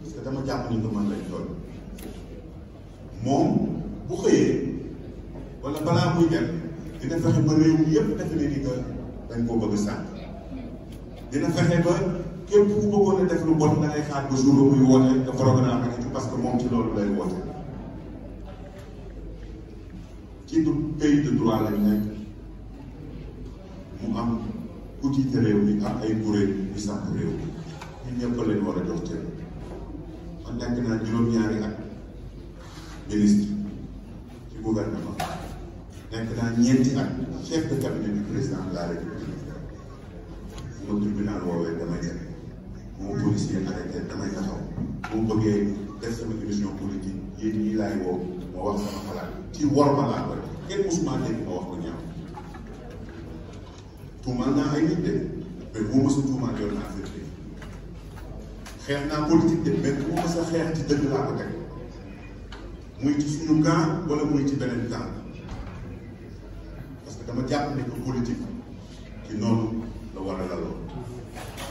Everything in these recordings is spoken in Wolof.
parce que dama jàpp ni nga mën lañ toll moom bu xëyee wala balaa muy dem dina fexe ba réew mi yëpp defe ne ni que dañ koo bëgg sànq dina fexe ba képp ku bëggoon a def lu bon da ngay xaar ba jour ba muy woote nga programme rek parce que moom ci loolu lay woote ci du pays de droit lañ nekk mu am ku jiite réew mi am ay kuréel yu sànq réew mi ñun ñëpp lañ war a jox cër nekk naa juróom-ñaari at ministre ci gouvernement nekk naa ñeenti at chef de cabinet du président de la république moom tribunal woowee damay dem moo policier arrêté damay taxaw boo bëggee def sama émission politique yéen ñii laay woo moo wax sama xalaat ci war ma laa ko def kenn musuma dégg ma wax ko ñaaw tuumal naa ay nit de mais boo mësa tuumal yoon naa xeex naa politique de mais ku ma sa xeex ci dëgg laa ko teg muy ci suñu camp wala muy ci beneen camp parce que dama jàpp ne que politique ci noonu la war a laloo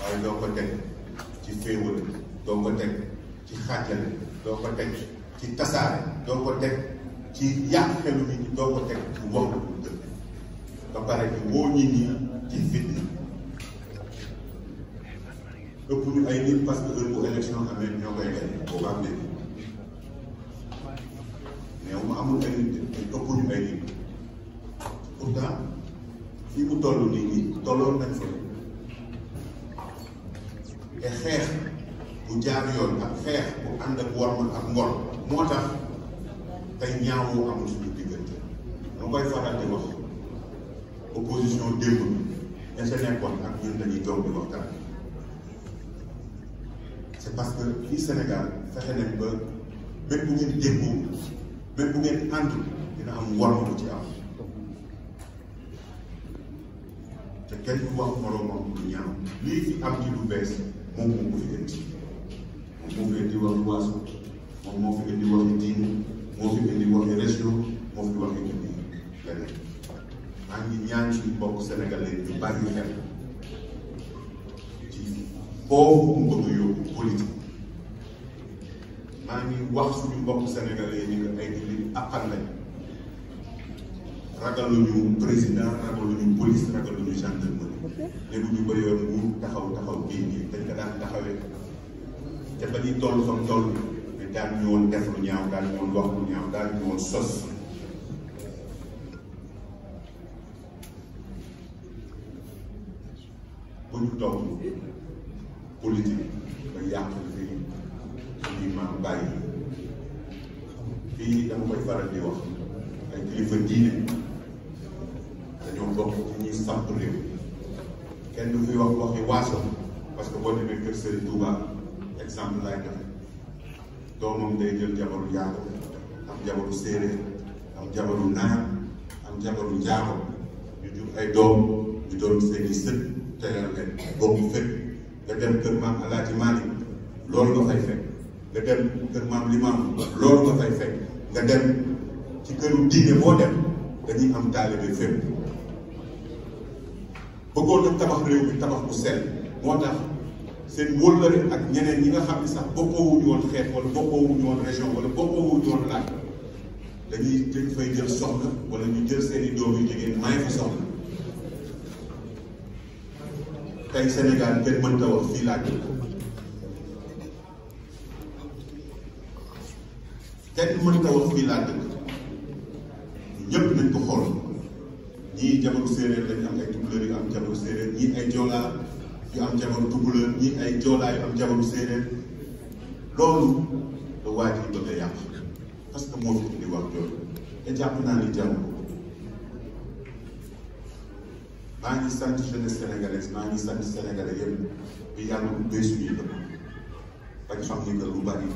waaye doo ko teg ci féewal doo ko teg ci xaajale doo ko teg ci tasaare doo ko teg ci yàq xelu nit doo ko teg ci wax lu dëgg ba pare ci woo nit ñi ci fitna ëpp ñu ay nit parce que heure bu élection amee ñoo koy gañ boobaam léegi mais mu amul ay nit ëpp ñu ay nit pourtant fii mu toll nii nii tolloon nañ fa te xeex bu jaar yoon ak xeex bu ànd ak war man ak ngor moo tax tey ñaawoo amul suñu diggante dama koy faral di wax opposition démb ña sa nekkoon ak ñun dañuy toog di waxtaan parce que fii Sénégal fexe nañ ba même bu ngeen déggoo même bu ngeen àndul dina am war bu ci am te kenn ku wax moroomam lu ñaaw lii fi am ci lu bees moom moo ko fi indi moom moo fi indi waxi waasu moom moo fi indi waxi diine moo fi indi waxi région moo fi waxi indi leneen maa ngi ñaan suñu mbokk sénégalais ñu bàyyi xel ci boobu nga ko yóbbu politique maa ngi wax suñu mbokku sénégalais yi nga ay jullit àqal nañu ragaluñu président ragaluñu police ragaluñu gendarmerie léegi ñu bëri yoon nguur taxaw taxaw bii nii dañ ko daan taxawee te ba ñuy toll fa toll mais daan ñu woon def lu ñaaw daan ñu woon wax lu ñaaw daan ñu woon sos bu ñu toog politique ba yàq fi suñuy maam bàyyi fii dama koy faral di wax ay kilifa diine dañoo bokk ci ñuy sàpp réew kenn du fi wax waxi waaso parce que boo demee kër Serigne Touba exemple laay joxe doomam day jël jabaru yaago am jabaru séeréer am jabaru naar am jabaru njaago ñu jur ay doom ñu doon seeni sët teral leen bokk fekk nga dem kër maam Alaaji Maalik loolu nga fay fekk nga dem kër maam Limaam loolu nga fay fekk nga dem ci këru diine boo dem dañuy am taalibe fépp bëggoon na tabax réew bi tabax bu sell moo tax seen wóllëre ak ñeneen ñi nga xam ne sax bokkoowuñu woon xeet wala bokkoowuñu woon région wala bokkoowuñu woon laaj dañuy dañ fay jël soxna wala ñu jël seeni i doom yu jigéen may fa soxna tey Sénégal kenn mënta wax fii laa dëkk kenn mënta wax fii laa dëkk ñëpp nañ ko xool ñii jabaru séeréer lañ am ay tukulóor yu am jabaru séeréer ñii ay joolaa yu am jabaru tukulóor ñii ay joolaa yu am jabaru séeréer loolu la waa ji bëgg a yàq parce que moo fi di wax jooju te jàpp naa ni jàmm maa ngi sant jeunesse sénégalaise maa ngi sant sénégalais yëpp di yàlla bu béy suñuy dëkk bañ xam ni que lu bari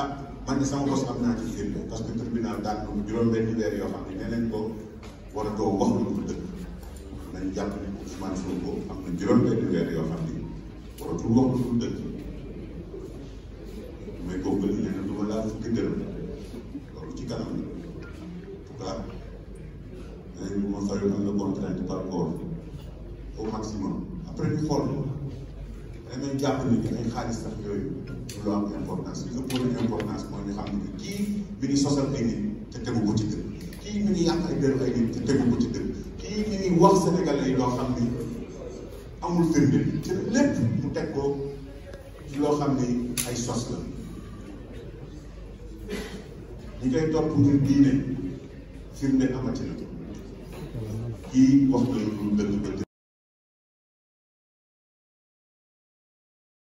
ah man de sama bos am naa ci firnde parce que tribunal daan ko juróom-benn weer yoo xam ne nee nañ ko war a too wax lu dul dëkk nañ jàpp ni Ousmane Sonko am na juróom-benn weer yoo xam ne waratul wax lu dul dëkk may góob ba leneen lu ma laa fukki dërëm loolu ci kanam la. après man la contrainte par corps au maximum après ñu xool damay jàpp ni ay xaalis sax yooyu du am importance li ëpp woon importance mooy ñu xam ne kii mi ngi sosal ay nit te tegu ko ci dëkk mi ngi yàq ay dëru ay nit te tegu ko ci dëkk mi ngi wax Sénégalais yi loo xam ni amul firnde te lépp mu teg ko ci loo xam ni ay sos la ñu koy topp ngir diine firnde amati na y construir un me